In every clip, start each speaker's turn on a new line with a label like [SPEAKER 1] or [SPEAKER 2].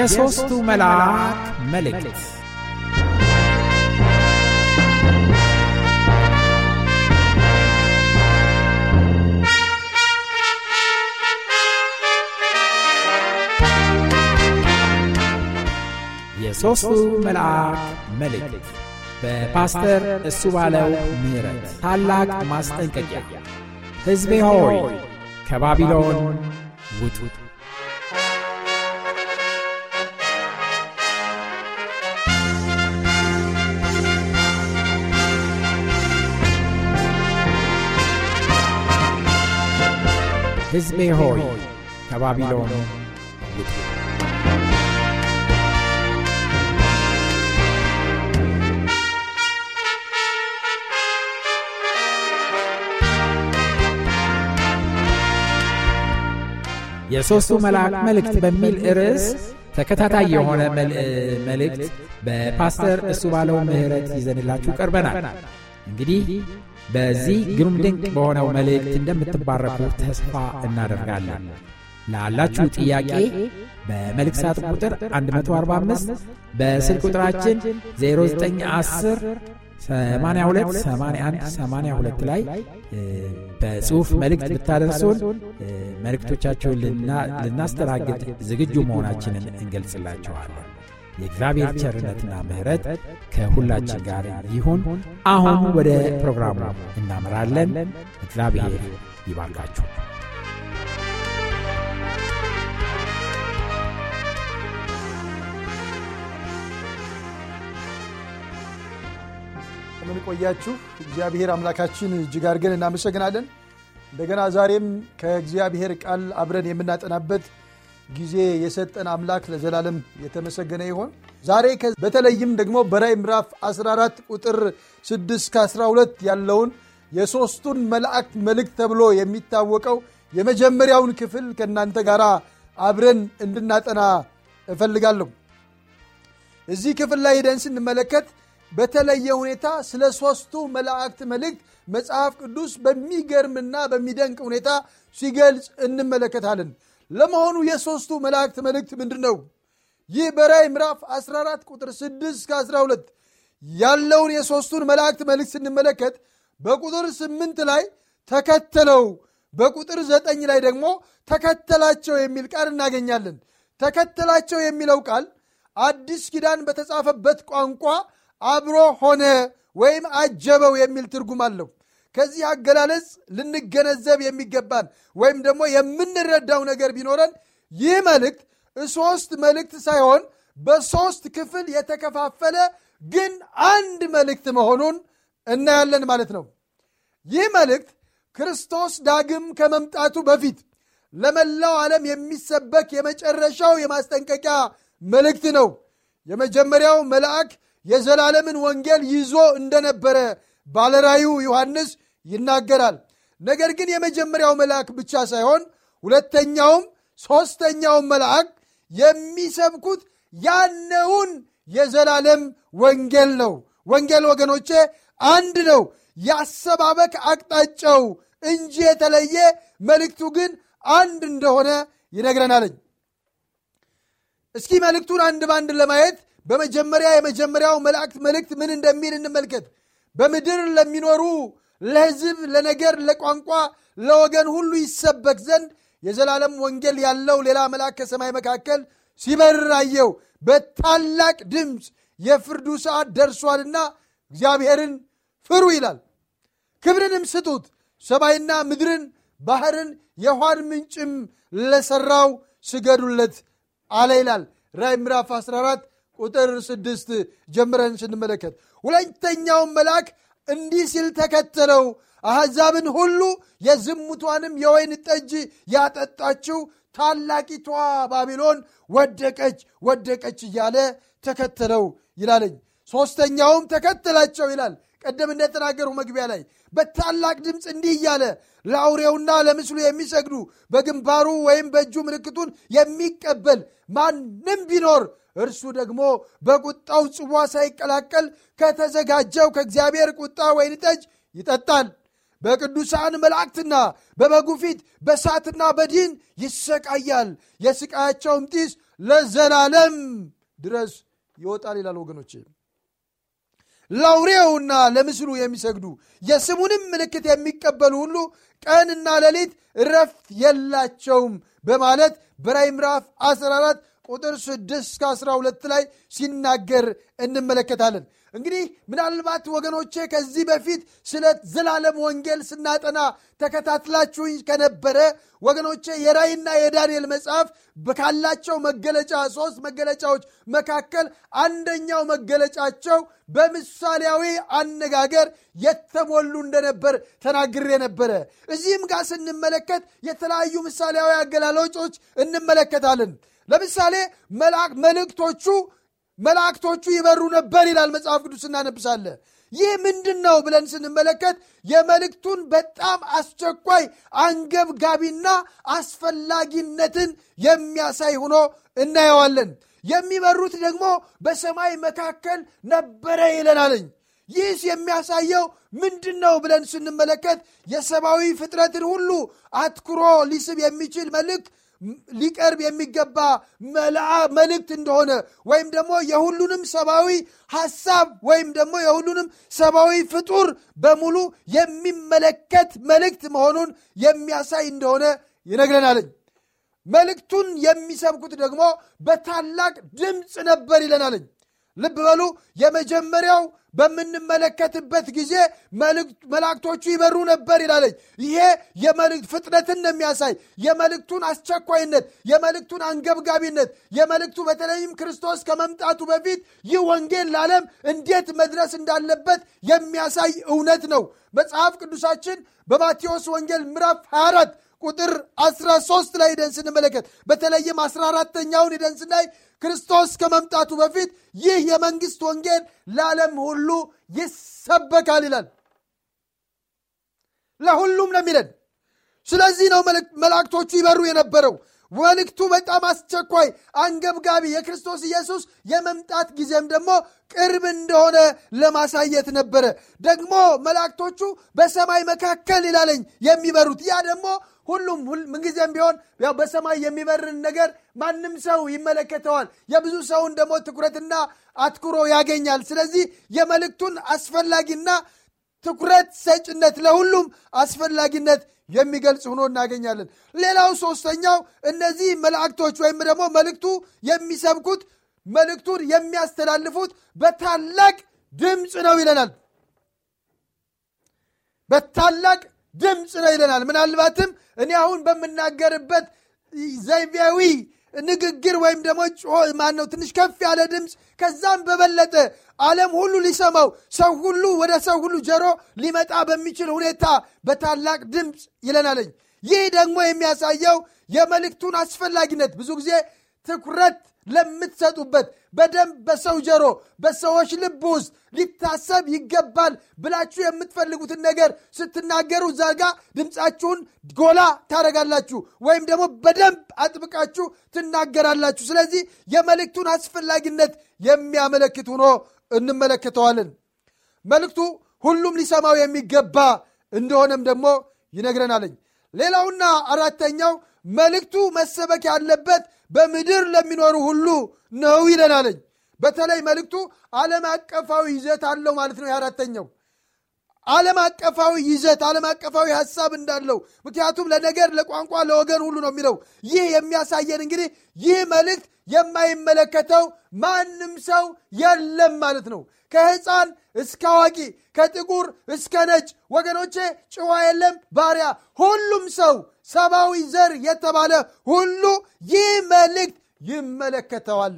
[SPEAKER 1] የሦስቱ መልአክ መልእክት የሦስቱ መልአክ መልእክት በፓስተር እሱ ባለው ምሕረት ታላቅ ማስጠንቀቂያ ሕዝቤ ሆይ ከባቢሎን ውጡት ሕዝቤ ሆይ ከባቢሎን የሦስቱ መልአክ መልእክት በሚል ርዕስ ተከታታይ የሆነ መልእክት በፓስተር እሱ ባለው ምህረት ይዘንላችሁ ቀርበናል። እንግዲህ በዚህ ግሩም ድንቅ በሆነው መልእክት እንደምትባረፉ ተስፋ እናደርጋለን። ላላችሁ ጥያቄ በመልእክት ሳጥን ቁጥር 145 በስልክ ቁጥራችን 0910 82 81 82 ላይ በጽሑፍ መልእክት ብታደርሱን መልእክቶቻችሁን ልናስተናግድ ዝግጁ መሆናችንን እንገልጽላችኋለን። የእግዚአብሔር ቸርነትና ምሕረት ከሁላችን ጋር ይሁን። አሁን ወደ ፕሮግራሙ እናመራለን። እግዚአብሔር ይባርካችሁ።
[SPEAKER 2] እንደምን ቆያችሁ? እግዚአብሔር አምላካችን እጅግ አድርገን እናመሰግናለን። እንደገና ዛሬም ከእግዚአብሔር ቃል አብረን የምናጠናበት ጊዜ የሰጠን አምላክ ለዘላለም የተመሰገነ ይሆን። ዛሬ በተለይም ደግሞ በራይ ምዕራፍ 14 ቁጥር 6 12 ያለውን የሦስቱን መላእክት መልእክት ተብሎ የሚታወቀው የመጀመሪያውን ክፍል ከእናንተ ጋር አብረን እንድናጠና እፈልጋለሁ። እዚህ ክፍል ላይ ሄደን ስንመለከት በተለየ ሁኔታ ስለ ሦስቱ መላእክት መልእክት መጽሐፍ ቅዱስ በሚገርምና በሚደንቅ ሁኔታ ሲገልጽ እንመለከታለን። ለመሆኑ የሦስቱ መላእክት መልእክት ምንድን ነው? ይህ በራይ ምዕራፍ 14 ቁጥር 6 እስከ 12 ያለውን የሦስቱን መላእክት መልእክት ስንመለከት በቁጥር 8 ላይ ተከተለው፣ በቁጥር 9 ላይ ደግሞ ተከተላቸው የሚል ቃል እናገኛለን። ተከተላቸው የሚለው ቃል አዲስ ኪዳን በተጻፈበት ቋንቋ አብሮ ሆነ ወይም አጀበው የሚል ትርጉም አለው። ከዚህ አገላለጽ ልንገነዘብ የሚገባን ወይም ደግሞ የምንረዳው ነገር ቢኖረን ይህ መልእክት ሶስት መልእክት ሳይሆን በሶስት ክፍል የተከፋፈለ ግን አንድ መልእክት መሆኑን እናያለን ማለት ነው። ይህ መልእክት ክርስቶስ ዳግም ከመምጣቱ በፊት ለመላው ዓለም የሚሰበክ የመጨረሻው የማስጠንቀቂያ መልእክት ነው። የመጀመሪያው መልአክ የዘላለምን ወንጌል ይዞ እንደነበረ ባለራዩ ዮሐንስ ይናገራል። ነገር ግን የመጀመሪያው መልአክ ብቻ ሳይሆን ሁለተኛውም ሦስተኛውም መልአክ የሚሰብኩት ያነውን የዘላለም ወንጌል ነው። ወንጌል ወገኖቼ አንድ ነው። ያሰባበክ አቅጣጫው እንጂ የተለየ መልእክቱ ግን አንድ እንደሆነ ይነግረናለኝ። እስኪ መልእክቱን አንድ ባንድ ለማየት በመጀመሪያ የመጀመሪያው መልአክ መልእክት ምን እንደሚል እንመልከት። በምድር ለሚኖሩ ለሕዝብ፣ ለነገር፣ ለቋንቋ፣ ለወገን ሁሉ ይሰበክ ዘንድ የዘላለም ወንጌል ያለው ሌላ መልአክ ከሰማይ መካከል ሲበርር አየው። በታላቅ ድምፅ የፍርዱ ሰዓት ደርሷልና እግዚአብሔርን ፍሩ ይላል። ክብርንም ስጡት፣ ሰማይና ምድርን ባህርን የውሃን ምንጭም ለሠራው ስገዱለት አለ ይላል። ራይ ምዕራፍ 14 ቁጥር 6 ጀምረን ስንመለከት ሁለተኛውን መልአክ እንዲህ ሲል ተከተለው። አሕዛብን ሁሉ የዝሙቷንም የወይን ጠጅ ያጠጣችው ታላቂቷ ባቢሎን ወደቀች ወደቀች እያለ ተከተለው ይላለኝ። ሦስተኛውም ተከተላቸው ይላል። ቀደም እንደተናገሩ መግቢያ ላይ በታላቅ ድምፅ እንዲህ እያለ ለአውሬውና ለምስሉ የሚሰግዱ በግንባሩ ወይም በእጁ ምልክቱን የሚቀበል ማንም ቢኖር እርሱ ደግሞ በቁጣው ጽዋ ሳይቀላቀል ከተዘጋጀው ከእግዚአብሔር ቁጣ ወይን ጠጅ ይጠጣል። በቅዱሳን መላእክትና በበጉ ፊት በሳትና በዲን ይሰቃያል። የስቃያቸውም ጢስ ለዘላለም ድረስ ይወጣል ይላል። ወገኖቼ ላውሬውና ለምስሉ የሚሰግዱ የስሙንም ምልክት የሚቀበሉ ሁሉ ቀንና ሌሊት እረፍት የላቸውም በማለት በራይ ምራፍ 14 ቁጥር 6 እስከ 12 ላይ ሲናገር እንመለከታለን። እንግዲህ ምናልባት ወገኖቼ ከዚህ በፊት ስለ ዘላለም ወንጌል ስናጠና ተከታትላችሁኝ ከነበረ ወገኖቼ የራይና የዳንኤል መጽሐፍ ካላቸው መገለጫ ሶስት መገለጫዎች መካከል አንደኛው መገለጫቸው በምሳሌያዊ አነጋገር የተሞሉ እንደነበር ተናግሬ ነበረ። እዚህም ጋር ስንመለከት የተለያዩ ምሳሌያዊ አገላለጮች እንመለከታለን። ለምሳሌ መልእክቶቹ መላእክቶቹ ይበሩ ነበር ይላል መጽሐፍ ቅዱስ እናነብሳለ ይህ ምንድን ነው ብለን ስንመለከት የመልእክቱን በጣም አስቸኳይ አንገብጋቢና አስፈላጊነትን የሚያሳይ ሆኖ እናየዋለን። የሚበሩት ደግሞ በሰማይ መካከል ነበረ ይለናለኝ። ይህስ የሚያሳየው ምንድን ነው ብለን ስንመለከት የሰብአዊ ፍጥረትን ሁሉ አትኩሮ ሊስብ የሚችል መልእክት ሊቀርብ የሚገባ መልእክት እንደሆነ ወይም ደግሞ የሁሉንም ሰብአዊ ሐሳብ ወይም ደግሞ የሁሉንም ሰብአዊ ፍጡር በሙሉ የሚመለከት መልእክት መሆኑን የሚያሳይ እንደሆነ ይነግረናል። መልእክቱን የሚሰብኩት ደግሞ በታላቅ ድምፅ ነበር ይለናል። ልብ በሉ። የመጀመሪያው በምንመለከትበት ጊዜ መላእክቶቹ ይበሩ ነበር ይላለች። ይሄ የመልእክት ፍጥነትን ነው የሚያሳይ የመልእክቱን አስቸኳይነት፣ የመልእክቱን አንገብጋቢነት፣ የመልእክቱ በተለይም ክርስቶስ ከመምጣቱ በፊት ይህ ወንጌል ለዓለም እንዴት መድረስ እንዳለበት የሚያሳይ እውነት ነው። መጽሐፍ ቅዱሳችን በማቴዎስ ወንጌል ምዕራፍ 24 ቁጥር 13 ላይ ሄደን ስንመለከት በተለይም 14ተኛውን ሄደን ስናይ ክርስቶስ ከመምጣቱ በፊት ይህ የመንግስት ወንጌል ለዓለም ሁሉ ይሰበካል ይላል። ለሁሉም ነው የሚለን። ስለዚህ ነው መላእክቶቹ ይበሩ የነበረው። መልእክቱ በጣም አስቸኳይ አንገብጋቢ፣ የክርስቶስ ኢየሱስ የመምጣት ጊዜም ደግሞ ቅርብ እንደሆነ ለማሳየት ነበረ። ደግሞ መላእክቶቹ በሰማይ መካከል ይላለኝ የሚበሩት ያ ደግሞ ሁሉም ምንጊዜም ቢሆን ያው በሰማይ የሚበርን ነገር ማንም ሰው ይመለከተዋል። የብዙ ሰውን ደግሞ ትኩረትና አትኩሮ ያገኛል። ስለዚህ የመልእክቱን አስፈላጊና ትኩረት ሰጭነት ለሁሉም አስፈላጊነት የሚገልጽ ሆኖ እናገኛለን። ሌላው ሶስተኛው እነዚህ መላእክቶች ወይም ደግሞ መልእክቱ የሚሰብኩት መልእክቱን የሚያስተላልፉት በታላቅ ድምፅ ነው ይለናል። በታላቅ ድምፅ ነው ይለናል። ምናልባትም እኔ አሁን በምናገርበት ዘይቤያዊ ንግግር ወይም ደግሞ ማን ነው ትንሽ ከፍ ያለ ድምፅ ከዛም በበለጠ ዓለም ሁሉ ሊሰማው ሰው ሁሉ ወደ ሰው ሁሉ ጆሮ ሊመጣ በሚችል ሁኔታ በታላቅ ድምፅ ይለናለኝ። ይህ ደግሞ የሚያሳየው የመልእክቱን አስፈላጊነት ብዙ ጊዜ ትኩረት ለምትሰጡበት በደንብ በሰው ጀሮ በሰዎች ልብ ውስጥ ሊታሰብ ይገባል ብላችሁ የምትፈልጉትን ነገር ስትናገሩ ዛጋ ድምፃችሁን ጎላ ታደረጋላችሁ ወይም ደግሞ በደንብ አጥብቃችሁ ትናገራላችሁ ስለዚህ የመልእክቱን አስፈላጊነት የሚያመለክት ሆኖ እንመለከተዋለን መልእክቱ ሁሉም ሊሰማው የሚገባ እንደሆነም ደግሞ ይነግረናለኝ ሌላውና አራተኛው መልእክቱ መሰበክ ያለበት በምድር ለሚኖሩ ሁሉ ነው ይለናለኝ። በተለይ መልእክቱ ዓለም አቀፋዊ ይዘት አለው ማለት ነው። የአራተኛው ዓለም አቀፋዊ ይዘት ዓለም አቀፋዊ ሀሳብ እንዳለው ምክንያቱም ለነገር፣ ለቋንቋ፣ ለወገን ሁሉ ነው የሚለው። ይህ የሚያሳየን እንግዲህ ይህ መልእክት የማይመለከተው ማንም ሰው የለም ማለት ነው። ከህፃን እስከ አዋቂ፣ ከጥቁር እስከ ነጭ፣ ወገኖቼ ጭዋ የለም ባሪያ፣ ሁሉም ሰው ሰብአዊ ዘር የተባለ ሁሉ ይህ መልእክት ይመለከተዋል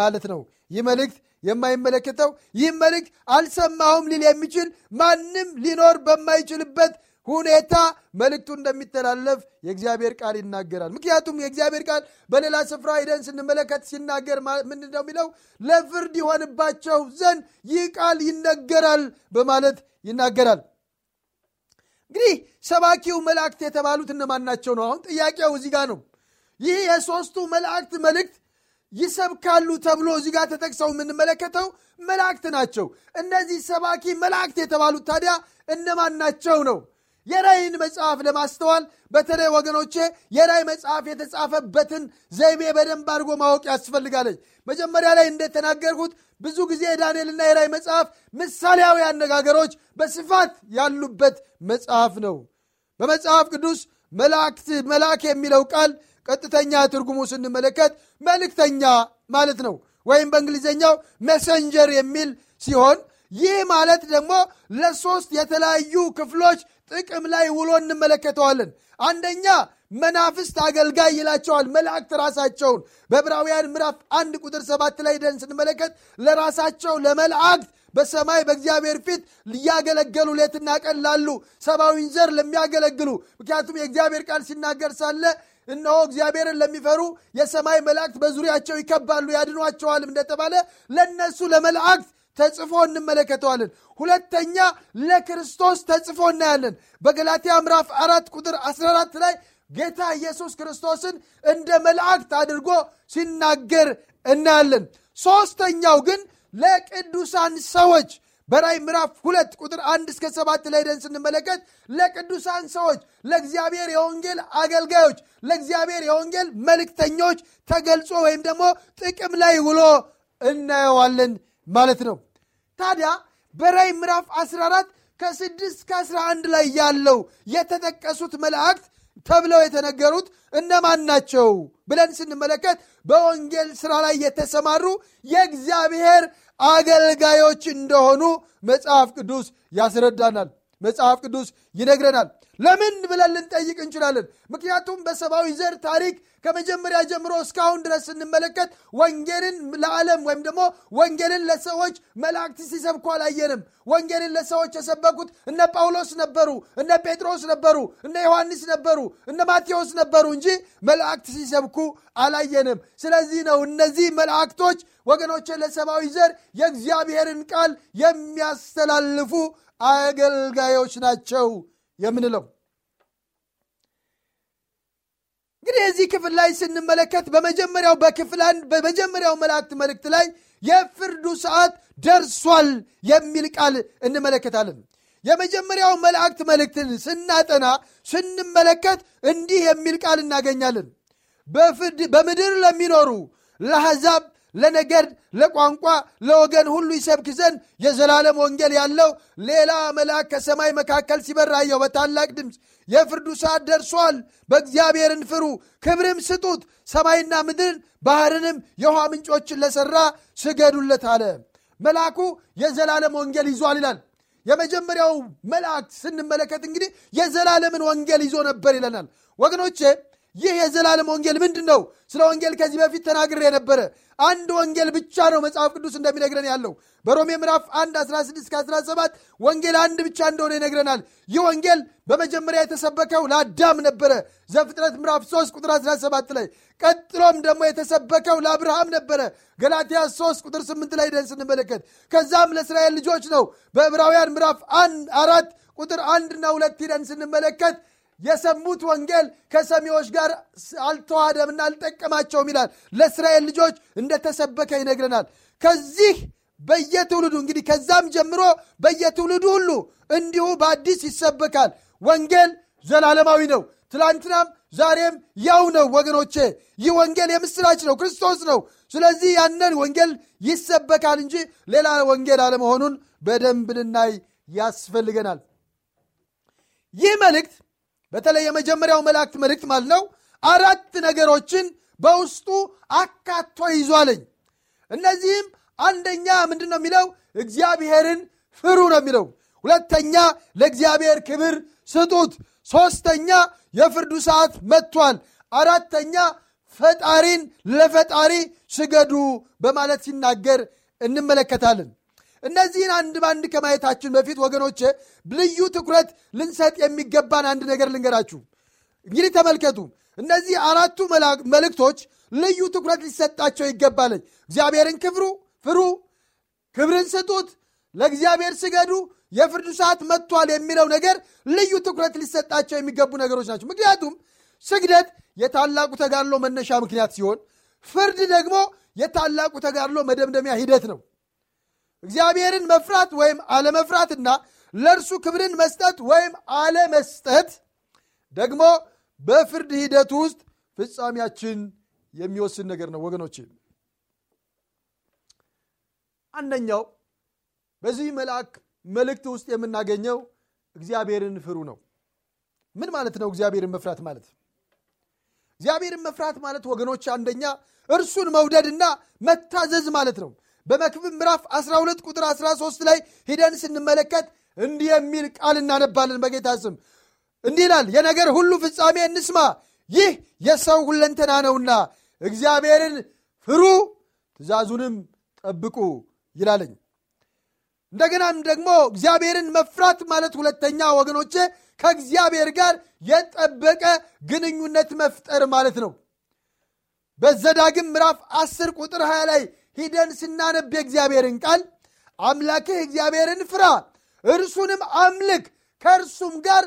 [SPEAKER 2] ማለት ነው። ይህ መልእክት የማይመለከተው ይህ መልእክት አልሰማሁም ሊል የሚችል ማንም ሊኖር በማይችልበት ሁኔታ መልእክቱ እንደሚተላለፍ የእግዚአብሔር ቃል ይናገራል። ምክንያቱም የእግዚአብሔር ቃል በሌላ ስፍራ ሂደን ስንመለከት ሲናገር ምንድን ነው የሚለው? ለፍርድ ይሆንባቸው ዘንድ ይህ ቃል ይነገራል በማለት ይናገራል። እንግዲህ ሰባኪው መላእክት የተባሉት እነማን ናቸው ነው አሁን ጥያቄው እዚህ ጋር ነው ይህ የሶስቱ መላእክት መልእክት ይሰብካሉ ተብሎ እዚህ ጋር ተጠቅሰው የምንመለከተው መላእክት ናቸው እነዚህ ሰባኪ መላእክት የተባሉት ታዲያ እነማን ናቸው ነው የራይን መጽሐፍ ለማስተዋል በተለይ ወገኖቼ የራይ መጽሐፍ የተጻፈበትን ዘይቤ በደንብ አድርጎ ማወቅ ያስፈልጋለች። መጀመሪያ ላይ እንደተናገርኩት ብዙ ጊዜ የዳንኤልና የራይ መጽሐፍ ምሳሌያዊ አነጋገሮች በስፋት ያሉበት መጽሐፍ ነው። በመጽሐፍ ቅዱስ መላእክት መልአክ የሚለው ቃል ቀጥተኛ ትርጉሙ ስንመለከት መልእክተኛ ማለት ነው፣ ወይም በእንግሊዝኛው መሰንጀር የሚል ሲሆን ይህ ማለት ደግሞ ለሶስት የተለያዩ ክፍሎች ጥቅም ላይ ውሎ እንመለከተዋለን። አንደኛ መናፍስት አገልጋይ ይላቸዋል መላእክት ራሳቸውን። በብራውያን ምዕራፍ አንድ ቁጥር ሰባት ላይ ደን ስንመለከት ለራሳቸው ለመላእክት በሰማይ በእግዚአብሔር ፊት ሊያገለገሉ ሌትና ቀን ላሉ ሰብአዊን ዘር ለሚያገለግሉ ምክንያቱም የእግዚአብሔር ቃል ሲናገር ሳለ እነሆ እግዚአብሔርን ለሚፈሩ የሰማይ መላእክት በዙሪያቸው ይከባሉ ያድኗቸዋልም እንደተባለ ለእነሱ ለመላእክት ተጽፎ እንመለከተዋለን። ሁለተኛ ለክርስቶስ ተጽፎ እናያለን። በገላትያ ምዕራፍ አራት ቁጥር 14 ላይ ጌታ ኢየሱስ ክርስቶስን እንደ መላእክት አድርጎ ሲናገር እናያለን። ሦስተኛው ግን ለቅዱሳን ሰዎች በራይ ምዕራፍ ሁለት ቁጥር አንድ እስከ ሰባት ላይ ደን ስንመለከት ለቅዱሳን ሰዎች ለእግዚአብሔር የወንጌል አገልጋዮች ለእግዚአብሔር የወንጌል መልእክተኞች ተገልጾ ወይም ደግሞ ጥቅም ላይ ውሎ እናየዋለን ማለት ነው። ታዲያ በራይ ምዕራፍ 14 ከ6 ከ11 ላይ ያለው የተጠቀሱት መላእክት ተብለው የተነገሩት እነማን ናቸው ብለን ስንመለከት በወንጌል ስራ ላይ የተሰማሩ የእግዚአብሔር አገልጋዮች እንደሆኑ መጽሐፍ ቅዱስ ያስረዳናል፣ መጽሐፍ ቅዱስ ይነግረናል። ለምን ብለን ልንጠይቅ እንችላለን። ምክንያቱም በሰብአዊ ዘር ታሪክ ከመጀመሪያ ጀምሮ እስካሁን ድረስ ስንመለከት ወንጌልን ለዓለም ወይም ደግሞ ወንጌልን ለሰዎች መላእክት ሲሰብኩ አላየንም። ወንጌልን ለሰዎች የሰበኩት እነ ጳውሎስ ነበሩ፣ እነ ጴጥሮስ ነበሩ፣ እነ ዮሐንስ ነበሩ፣ እነ ማቴዎስ ነበሩ እንጂ መላእክት ሲሰብኩ አላየንም። ስለዚህ ነው እነዚህ መላእክቶች ወገኖችን ለሰብአዊ ዘር የእግዚአብሔርን ቃል የሚያስተላልፉ አገልጋዮች ናቸው የምንለው። እንግዲህ የዚህ ክፍል ላይ ስንመለከት በመጀመሪያው በክፍል በመጀመሪያው መላእክት መልእክት ላይ የፍርዱ ሰዓት ደርሷል የሚል ቃል እንመለከታለን። የመጀመሪያው መላእክት መልእክትን ስናጠና ስንመለከት እንዲህ የሚል ቃል እናገኛለን። በምድር ለሚኖሩ ለአሕዛብ ለነገድ፣ ለቋንቋ፣ ለወገን ሁሉ ይሰብክ ዘንድ የዘላለም ወንጌል ያለው ሌላ መልአክ ከሰማይ መካከል ሲበራየው አየሁ። በታላቅ ድምፅ የፍርዱ ሰዓት ደርሷል፣ በእግዚአብሔርን ፍሩ፣ ክብርም ስጡት፣ ሰማይና ምድርን ባህርንም የውሃ ምንጮችን ለሠራ ስገዱለት አለ። መልአኩ የዘላለም ወንጌል ይዟል ይላል። የመጀመሪያው መልአክ ስንመለከት እንግዲህ የዘላለምን ወንጌል ይዞ ነበር ይለናል ወገኖቼ ይህ የዘላለም ወንጌል ምንድን ነው? ስለ ወንጌል ከዚህ በፊት ተናግሬ የነበረ አንድ ወንጌል ብቻ ነው መጽሐፍ ቅዱስ እንደሚነግረን ያለው በሮሜ ምዕራፍ 1 16 17 ወንጌል አንድ ብቻ እንደሆነ ይነግረናል። ይህ ወንጌል በመጀመሪያ የተሰበከው ለአዳም ነበረ ዘፍጥረት ምዕራፍ 3 ቁጥር 17 ላይ ቀጥሎም ደግሞ የተሰበከው ለአብርሃም ነበረ ገላትያ 3 ቁጥር 8 ላይ ደን ስንመለከት ከዛም ለእስራኤል ልጆች ነው በዕብራውያን ምዕራፍ 4 ቁጥር አንድና ሁለት ሂደን ስንመለከት የሰሙት ወንጌል ከሰሚዎች ጋር አልተዋሃደምና አልጠቀማቸውም ይላል ለእስራኤል ልጆች እንደተሰበከ ይነግረናል ከዚህ በየትውልዱ እንግዲህ ከዛም ጀምሮ በየትውልዱ ሁሉ እንዲሁ በአዲስ ይሰበካል ወንጌል ዘላለማዊ ነው ትላንትናም ዛሬም ያው ነው ወገኖቼ ይህ ወንጌል የምስራች ነው ክርስቶስ ነው ስለዚህ ያንን ወንጌል ይሰበካል እንጂ ሌላ ወንጌል አለመሆኑን በደንብ ልናይ ያስፈልገናል ይህ መልእክት በተለይ የመጀመሪያው መላእክት መልእክት ማለት ነው አራት ነገሮችን በውስጡ አካቶ ይዟለኝ እነዚህም አንደኛ ምንድን ነው የሚለው እግዚአብሔርን ፍሩ ነው የሚለው ሁለተኛ ለእግዚአብሔር ክብር ስጡት ሶስተኛ የፍርዱ ሰዓት መጥቷል አራተኛ ፈጣሪን ለፈጣሪ ስገዱ በማለት ሲናገር እንመለከታለን እነዚህን አንድ በአንድ ከማየታችን በፊት ወገኖች ልዩ ትኩረት ልንሰጥ የሚገባን አንድ ነገር ልንገራችሁ። እንግዲህ ተመልከቱ፣ እነዚህ አራቱ መልእክቶች ልዩ ትኩረት ሊሰጣቸው ይገባል። እግዚአብሔርን ክብሩ፣ ፍሩ፣ ክብርን ስጡት፣ ለእግዚአብሔር ስገዱ፣ የፍርዱ ሰዓት መጥቷል የሚለው ነገር ልዩ ትኩረት ሊሰጣቸው የሚገቡ ነገሮች ናቸው። ምክንያቱም ስግደት የታላቁ ተጋድሎ መነሻ ምክንያት ሲሆን፣ ፍርድ ደግሞ የታላቁ ተጋድሎ መደምደሚያ ሂደት ነው። እግዚአብሔርን መፍራት ወይም አለመፍራትና ለእርሱ ክብርን መስጠት ወይም አለመስጠት ደግሞ በፍርድ ሂደት ውስጥ ፍጻሜያችን የሚወስን ነገር ነው ወገኖች አንደኛው በዚህ መልአክ መልእክት ውስጥ የምናገኘው እግዚአብሔርን ፍሩ ነው ምን ማለት ነው እግዚአብሔርን መፍራት ማለት እግዚአብሔርን መፍራት ማለት ወገኖች አንደኛ እርሱን መውደድና መታዘዝ ማለት ነው በመክብብ ምዕራፍ 12 ቁጥር 13 ላይ ሂደን ስንመለከት እንዲህ የሚል ቃል እናነባለን። በጌታ ስም እንዲህ ይላል፣ የነገር ሁሉ ፍጻሜ እንስማ፣ ይህ የሰው ሁለንተና ነውና እግዚአብሔርን ፍሩ፣ ትእዛዙንም ጠብቁ ይላለኝ። እንደገናም ደግሞ እግዚአብሔርን መፍራት ማለት ሁለተኛ ወገኖቼ ከእግዚአብሔር ጋር የጠበቀ ግንኙነት መፍጠር ማለት ነው። በዘዳግም ምዕራፍ 10 ቁጥር 20 ላይ ሂደን ስናነብ የእግዚአብሔርን ቃል አምላክህ እግዚአብሔርን ፍራ፣ እርሱንም አምልክ፣ ከእርሱም ጋር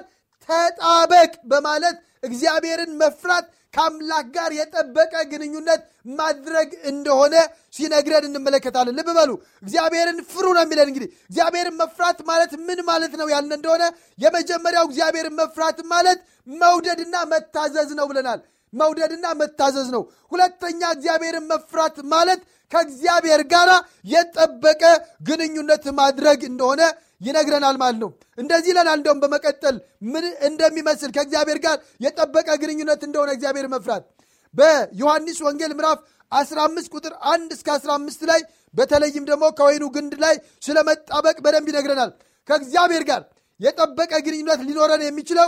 [SPEAKER 2] ተጣበቅ በማለት እግዚአብሔርን መፍራት ከአምላክ ጋር የጠበቀ ግንኙነት ማድረግ እንደሆነ ሲነግረን እንመለከታለን። ልብ በሉ፣ እግዚአብሔርን ፍሩ ነው የሚለን። እንግዲህ እግዚአብሔርን መፍራት ማለት ምን ማለት ነው ያልን እንደሆነ የመጀመሪያው እግዚአብሔርን መፍራት ማለት መውደድና መታዘዝ ነው ብለናል። መውደድና መታዘዝ ነው። ሁለተኛ እግዚአብሔርን መፍራት ማለት ከእግዚአብሔር ጋር የጠበቀ ግንኙነት ማድረግ እንደሆነ ይነግረናል ማለት ነው። እንደዚህ ይለናል። እንደውም በመቀጠል ምን እንደሚመስል ከእግዚአብሔር ጋር የጠበቀ ግንኙነት እንደሆነ እግዚአብሔር መፍራት በዮሐንስ ወንጌል ምዕራፍ 15 ቁጥር 1 እስከ 15 ላይ በተለይም ደግሞ ከወይኑ ግንድ ላይ ስለ መጣበቅ በደንብ ይነግረናል። ከእግዚአብሔር ጋር የጠበቀ ግንኙነት ሊኖረን የሚችለው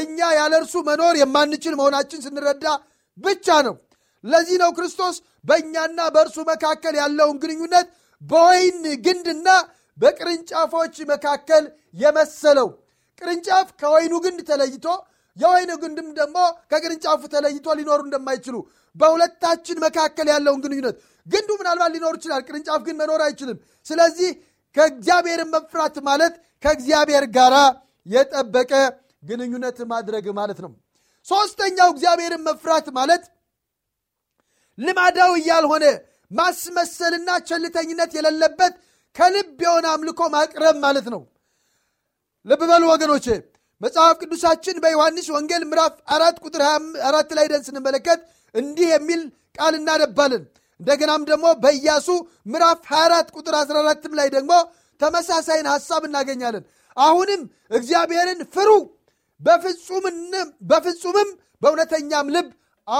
[SPEAKER 2] እኛ ያለ እርሱ መኖር የማንችል መሆናችን ስንረዳ ብቻ ነው። ለዚህ ነው ክርስቶስ በእኛና በእርሱ መካከል ያለውን ግንኙነት በወይን ግንድና በቅርንጫፎች መካከል የመሰለው ቅርንጫፍ ከወይኑ ግንድ ተለይቶ የወይኑ ግንድም ደግሞ ከቅርንጫፉ ተለይቶ ሊኖሩ እንደማይችሉ በሁለታችን መካከል ያለውን ግንኙነት ግንዱ ምናልባት ሊኖር ይችላል፣ ቅርንጫፍ ግን መኖር አይችልም። ስለዚህ ከእግዚአብሔርን መፍራት ማለት ከእግዚአብሔር ጋር የጠበቀ ግንኙነት ማድረግ ማለት ነው። ሶስተኛው እግዚአብሔርን መፍራት ማለት ልማዳዊ ያልሆነ ማስመሰልና ቸልተኝነት የሌለበት ከልብ የሆነ አምልኮ ማቅረብ ማለት ነው። ልብ በሉ ወገኖቼ። መጽሐፍ ቅዱሳችን በዮሐንስ ወንጌል ምዕራፍ አራት ቁጥር 24 ላይ ደን ስንመለከት እንዲህ የሚል ቃል እናነባለን። እንደገናም ደግሞ በኢያሱ ምዕራፍ 24 ቁጥር 14 ላይ ደግሞ ተመሳሳይን ሐሳብ እናገኛለን። አሁንም እግዚአብሔርን ፍሩ፣ በፍጹምም በእውነተኛም ልብ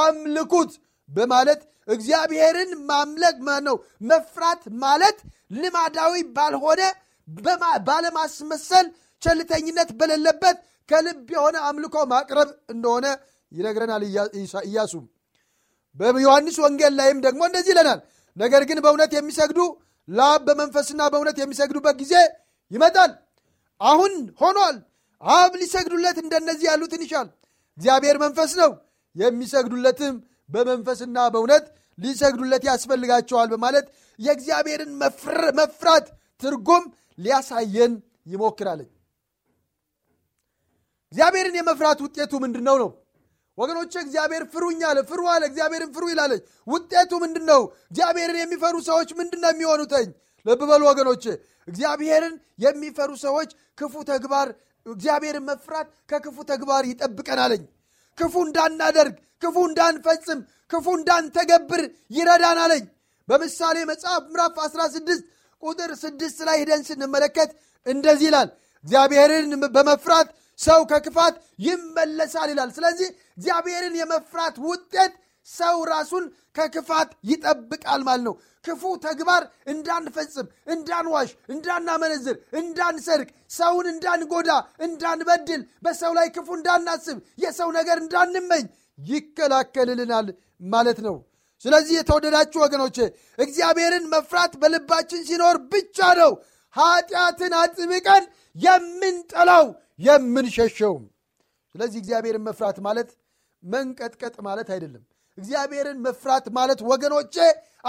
[SPEAKER 2] አምልኩት በማለት እግዚአብሔርን ማምለክ ነው መፍራት ማለት ልማዳዊ ባልሆነ ባለማስመሰል ቸልተኝነት በሌለበት ከልብ የሆነ አምልኮ ማቅረብ እንደሆነ ይነግረናል እያሱ በዮሐንስ ወንጌል ላይም ደግሞ እንደዚህ ይለናል። ነገር ግን በእውነት የሚሰግዱ ለአብ በመንፈስና በእውነት የሚሰግዱበት ጊዜ ይመጣል፣ አሁን ሆኗል። አብ ሊሰግዱለት እንደነዚህ ያሉትን ይሻል። እግዚአብሔር መንፈስ ነው፣ የሚሰግዱለትም በመንፈስና በእውነት ሊሰግዱለት ያስፈልጋቸዋል በማለት የእግዚአብሔርን መፍራት ትርጉም ሊያሳየን ይሞክራለች። እግዚአብሔርን የመፍራት ውጤቱ ምንድን ነው ነው ወገኖች እግዚአብሔር ፍሩኝ አለ ፍሩ አለ እግዚአብሔርን ፍሩ ይላለች ውጤቱ ምንድን ነው እግዚአብሔርን የሚፈሩ ሰዎች ምንድን ነው የሚሆኑተኝ ልብ ወገኖች እግዚአብሔርን የሚፈሩ ሰዎች ክፉ ተግባር እግዚአብሔርን መፍራት ከክፉ ተግባር ይጠብቀናለኝ ክፉ እንዳናደርግ፣ ክፉ እንዳንፈጽም፣ ክፉ እንዳንተገብር ይረዳን አለኝ። በምሳሌ መጽሐፍ ምዕራፍ 16 ቁጥር 6 ላይ ሂደን ስንመለከት እንደዚህ ይላል፣ እግዚአብሔርን በመፍራት ሰው ከክፋት ይመለሳል ይላል። ስለዚህ እግዚአብሔርን የመፍራት ውጤት ሰው ራሱን ከክፋት ይጠብቃል ማለት ነው። ክፉ ተግባር እንዳንፈጽም፣ እንዳንዋሽ፣ እንዳናመነዝር፣ እንዳንሰርቅ፣ ሰውን እንዳንጎዳ፣ እንዳንበድል፣ በሰው ላይ ክፉ እንዳናስብ፣ የሰው ነገር እንዳንመኝ ይከላከልልናል ማለት ነው። ስለዚህ የተወደዳችሁ ወገኖቼ እግዚአብሔርን መፍራት በልባችን ሲኖር ብቻ ነው ኃጢአትን አጥብቀን የምንጠላው የምንሸሸው። ስለዚህ እግዚአብሔርን መፍራት ማለት መንቀጥቀጥ ማለት አይደለም። እግዚአብሔርን መፍራት ማለት ወገኖቼ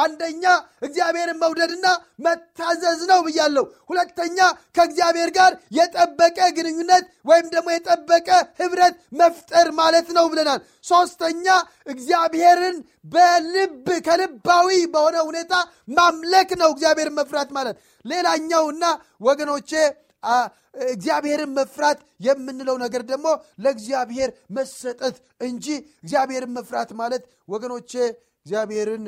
[SPEAKER 2] አንደኛ እግዚአብሔርን መውደድና መታዘዝ ነው ብያለሁ ሁለተኛ ከእግዚአብሔር ጋር የጠበቀ ግንኙነት ወይም ደግሞ የጠበቀ ህብረት መፍጠር ማለት ነው ብለናል ሶስተኛ እግዚአብሔርን በልብ ከልባዊ በሆነ ሁኔታ ማምለክ ነው እግዚአብሔርን መፍራት ማለት ሌላኛውና ወገኖቼ እግዚአብሔርን መፍራት የምንለው ነገር ደግሞ ለእግዚአብሔር መሰጠት እንጂ እግዚአብሔርን መፍራት ማለት ወገኖቼ እግዚአብሔርን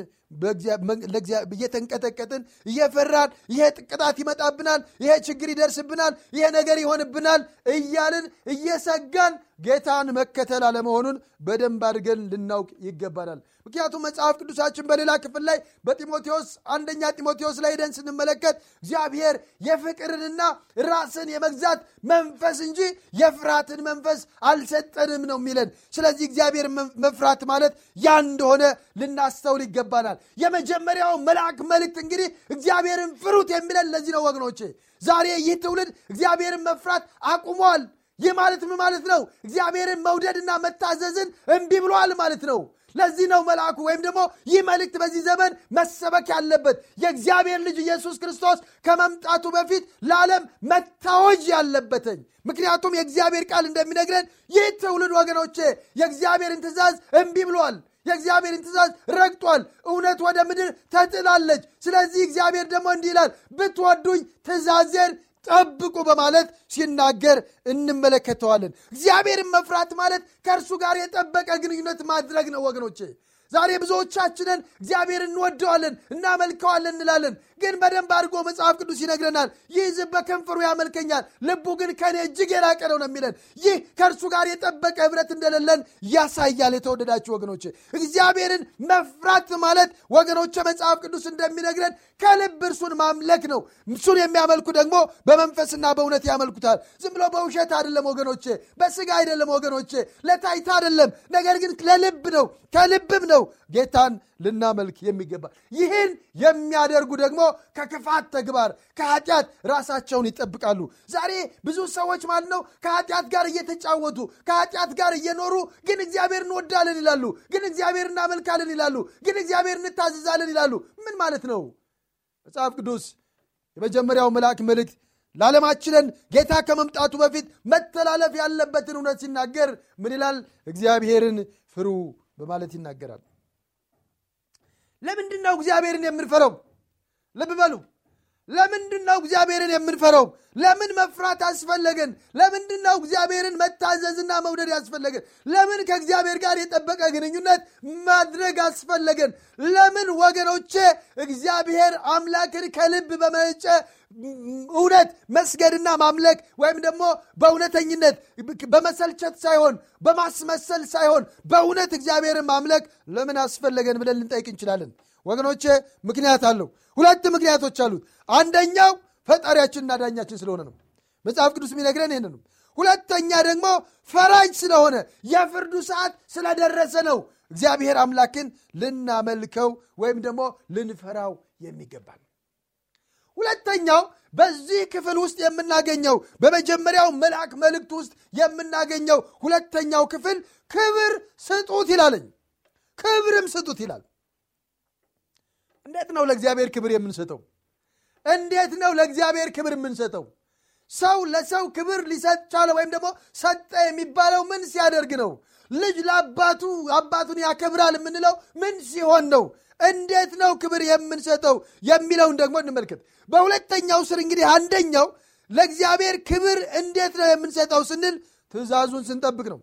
[SPEAKER 2] እየተንቀጠቀጥን እየፈራን ይሄ ቅጣት ይመጣብናል፣ ይሄ ችግር ይደርስብናል፣ ይሄ ነገር ይሆንብናል እያልን እየሰጋን ጌታን መከተል አለመሆኑን በደንብ አድርገን ልናውቅ ይገባናል። ምክንያቱም መጽሐፍ ቅዱሳችን በሌላ ክፍል ላይ በጢሞቴዎስ አንደኛ ጢሞቴዎስ ላይ ሄደን ስንመለከት እግዚአብሔር የፍቅርንና ራስን የመግዛት መንፈስ እንጂ የፍርሃትን መንፈስ አልሰጠንም ነው የሚለን። ስለዚህ እግዚአብሔር መፍራት ማለት ያ እንደሆነ ልናስተውል ይገባናል። ይላል። የመጀመሪያው መልአክ መልእክት እንግዲህ እግዚአብሔርን ፍሩት የሚለን ለዚህ ነው ወገኖቼ። ዛሬ ይህ ትውልድ እግዚአብሔርን መፍራት አቁሟል። ይህ ማለት ምን ማለት ነው? እግዚአብሔርን መውደድና መታዘዝን እምቢ ብሏል ማለት ነው። ለዚህ ነው መልአኩ ወይም ደግሞ ይህ መልእክት በዚህ ዘመን መሰበክ ያለበት የእግዚአብሔር ልጅ ኢየሱስ ክርስቶስ ከመምጣቱ በፊት ለዓለም መታወጅ ያለበትኝ። ምክንያቱም የእግዚአብሔር ቃል እንደሚነግረን ይህ ትውልድ ወገኖቼ የእግዚአብሔርን ትእዛዝ እምቢ ብሏል። የእግዚአብሔርን ትእዛዝ ረግጧል። እውነት ወደ ምድር ተጥላለች። ስለዚህ እግዚአብሔር ደግሞ እንዲህ ይላል፣ ብትወዱኝ ትእዛዜን ጠብቁ በማለት ሲናገር እንመለከተዋለን። እግዚአብሔርን መፍራት ማለት ከእርሱ ጋር የጠበቀ ግንኙነት ማድረግ ነው ወገኖቼ ዛሬ ብዙዎቻችንን እግዚአብሔር እንወደዋለን፣ እናመልከዋለን እንላለን። ግን በደንብ አድርጎ መጽሐፍ ቅዱስ ይነግረናል። ይህ ሕዝብ በከንፈሩ ያመልከኛል፣ ልቡ ግን ከእኔ እጅግ የራቀ ነው ነው የሚለን። ይህ ከእርሱ ጋር የጠበቀ ህብረት እንደሌለን ያሳያል። የተወደዳችሁ ወገኖች እግዚአብሔርን መፍራት ማለት ወገኖች መጽሐፍ ቅዱስ እንደሚነግረን ከልብ እርሱን ማምለክ ነው። እሱን የሚያመልኩ ደግሞ በመንፈስና በእውነት ያመልኩታል። ዝም ብሎ በውሸት አይደለም ወገኖቼ፣ በስጋ አይደለም ወገኖቼ፣ ለታይታ አይደለም። ነገር ግን ለልብ ነው፣ ከልብም ነው ነው ጌታን ልናመልክ የሚገባ። ይህን የሚያደርጉ ደግሞ ከክፋት ተግባር ከኃጢአት ራሳቸውን ይጠብቃሉ። ዛሬ ብዙ ሰዎች ማለት ነው ከኃጢአት ጋር እየተጫወቱ ከኃጢአት ጋር እየኖሩ ግን እግዚአብሔር እንወዳለን ይላሉ፣ ግን እግዚአብሔር እናመልካለን ይላሉ፣ ግን እግዚአብሔር እንታዘዛለን ይላሉ። ምን ማለት ነው? መጽሐፍ ቅዱስ የመጀመሪያው መልአክ መልእክት ላለማችለን ጌታ ከመምጣቱ በፊት መተላለፍ ያለበትን እውነት ሲናገር ምን ይላል? እግዚአብሔርን ፍሩ በማለት ይናገራል። ለምንድን ነው እግዚአብሔርን የምንፈረው ልብ በሉ። ለምንድን ነው እግዚአብሔርን የምንፈረው? ለምን መፍራት አስፈለገን? ለምንድን ነው እግዚአብሔርን መታዘዝና መውደድ ያስፈለገን? ለምን ከእግዚአብሔር ጋር የጠበቀ ግንኙነት ማድረግ አስፈለገን? ለምን ወገኖቼ እግዚአብሔር አምላክን ከልብ በመጨ እውነት መስገድና ማምለክ ወይም ደግሞ በእውነተኝነት በመሰልቸት ሳይሆን በማስመሰል ሳይሆን በእውነት እግዚአብሔርን ማምለክ ለምን አስፈለገን ብለን ልንጠይቅ እንችላለን። ወገኖቼ ምክንያት አለው። ሁለት ምክንያቶች አሉት። አንደኛው ፈጣሪያችንና ዳኛችን ስለሆነ ነው። መጽሐፍ ቅዱስ የሚነግረን ይህን ነው። ሁለተኛ ደግሞ ፈራጅ ስለሆነ የፍርዱ ሰዓት ስለደረሰ ነው። እግዚአብሔር አምላክን ልናመልከው ወይም ደግሞ ልንፈራው የሚገባ ነው። ሁለተኛው በዚህ ክፍል ውስጥ የምናገኘው በመጀመሪያው መልአክ መልእክት ውስጥ የምናገኘው ሁለተኛው ክፍል ክብር ስጡት ይላለኝ። ክብርም ስጡት ይላል። እንዴት ነው ለእግዚአብሔር ክብር የምንሰጠው? እንዴት ነው ለእግዚአብሔር ክብር የምንሰጠው? ሰው ለሰው ክብር ሊሰጥ ቻለ ወይም ደግሞ ሰጠ የሚባለው ምን ሲያደርግ ነው? ልጅ ለአባቱ አባቱን ያከብራል የምንለው ምን ሲሆን ነው? እንዴት ነው ክብር የምንሰጠው የሚለውን ደግሞ እንመልከት። በሁለተኛው ስር እንግዲህ አንደኛው ለእግዚአብሔር ክብር እንዴት ነው የምንሰጠው ስንል ትእዛዙን ስንጠብቅ ነው።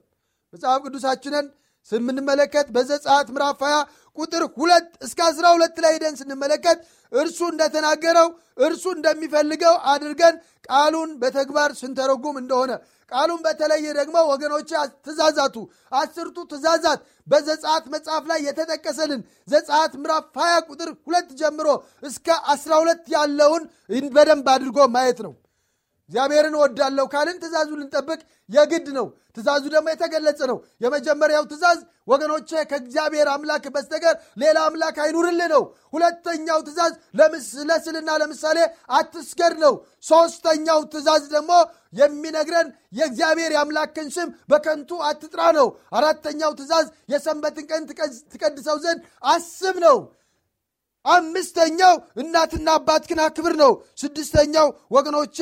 [SPEAKER 2] መጽሐፍ ቅዱሳችንን ስምንመለከት በዘጸአት ምራፍ 20 ቁጥር ሁለት እስከ አስራ ሁለት ላይ ሄደን ስንመለከት እርሱ እንደተናገረው እርሱ እንደሚፈልገው አድርገን ቃሉን በተግባር ስንተረጉም እንደሆነ ቃሉን በተለየ ደግሞ ወገኖች ትእዛዛቱ አስርቱ ትእዛዛት በዘጻት መጽሐፍ ላይ የተጠቀሰልን ዘጻት ምዕራፍ 20 ቁጥር ሁለት ጀምሮ እስከ 12 ያለውን በደንብ አድርጎ ማየት ነው እግዚአብሔርን ወዳለው ካልን ትእዛዙ ልንጠብቅ የግድ ነው። ትእዛዙ ደግሞ የተገለጸ ነው። የመጀመሪያው ትእዛዝ ወገኖቼ ከእግዚአብሔር አምላክ በስተቀር ሌላ አምላክ አይኑርል ነው። ሁለተኛው ትእዛዝ ለስልና ለምሳሌ አትስገድ ነው። ሦስተኛው ትእዛዝ ደግሞ የሚነግረን የእግዚአብሔር የአምላክን ስም በከንቱ አትጥራ ነው። አራተኛው ትእዛዝ የሰንበትን ቀን ትቀድሰው ዘንድ አስብ ነው። አምስተኛው እናትና አባትህን አክብር ነው። ስድስተኛው ወገኖቼ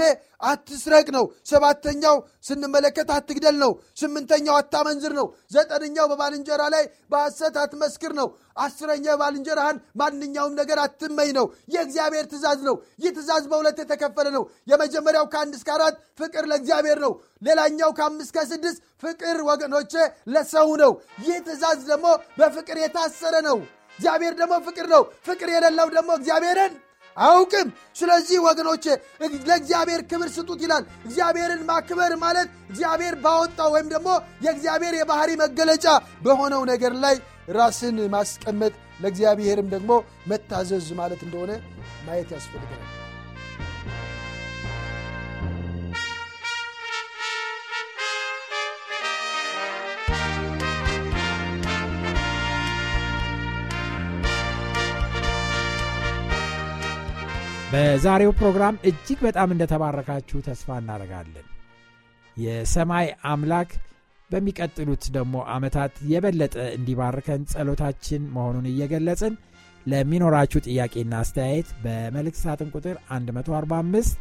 [SPEAKER 2] አትስረቅ ነው። ሰባተኛው ስንመለከት አትግደል ነው። ስምንተኛው አታመንዝር ነው። ዘጠነኛው በባልንጀራ ላይ በሐሰት አትመስክር ነው። አስረኛ የባልንጀራህን ማንኛውም ነገር አትመኝ ነው። የእግዚአብሔር ትእዛዝ ነው። ይህ ትእዛዝ በሁለት የተከፈለ ነው። የመጀመሪያው ከአንድ እስከ አራት ፍቅር ለእግዚአብሔር ነው። ሌላኛው ከአምስት ከስድስት ፍቅር ወገኖቼ ለሰው ነው። ይህ ትእዛዝ ደግሞ በፍቅር የታሰረ ነው። እግዚአብሔር ደግሞ ፍቅር ነው። ፍቅር የሌለው ደግሞ እግዚአብሔርን አውቅም። ስለዚህ ወገኖቼ ለእግዚአብሔር ክብር ስጡት ይላል። እግዚአብሔርን ማክበር ማለት እግዚአብሔር ባወጣው ወይም ደግሞ የእግዚአብሔር የባህሪ መገለጫ በሆነው ነገር ላይ ራስን ማስቀመጥ ለእግዚአብሔርም ደግሞ መታዘዝ ማለት እንደሆነ ማየት ያስፈልገናል።
[SPEAKER 1] በዛሬው ፕሮግራም እጅግ በጣም እንደተባረካችሁ ተስፋ እናደርጋለን። የሰማይ አምላክ በሚቀጥሉት ደግሞ ዓመታት የበለጠ እንዲባርከን ጸሎታችን መሆኑን እየገለጽን ለሚኖራችሁ ጥያቄና አስተያየት በመልእክት ሳጥን ቁጥር 145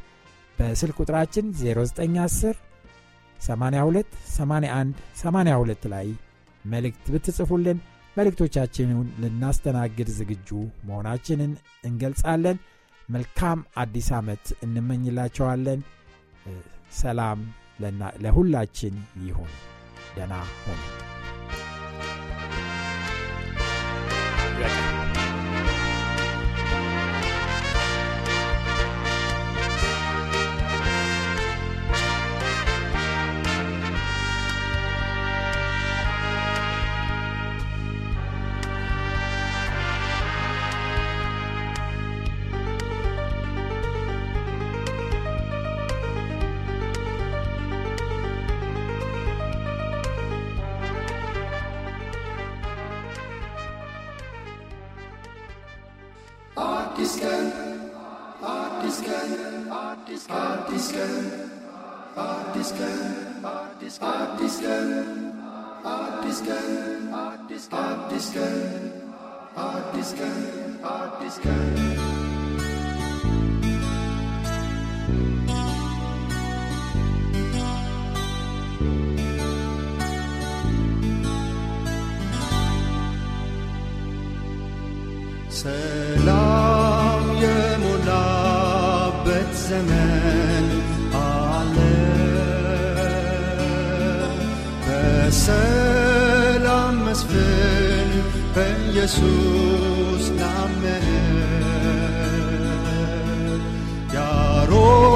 [SPEAKER 1] በስልክ ቁጥራችን 0910 82 81 82 ላይ መልእክት ብትጽፉልን መልእክቶቻችንን ልናስተናግድ ዝግጁ መሆናችንን እንገልጻለን። መልካም አዲስ ዓመት እንመኝላቸዋለን። ሰላም ለሁላችን ይሁን። ደና ሆኑ።
[SPEAKER 2] disco, art disco, art disco, art disco, art disco, art disco.
[SPEAKER 1] ሰላም
[SPEAKER 2] የሞላበት ዘመን ሰላም መስፍን በኢየሱስ ናመነ ያሮ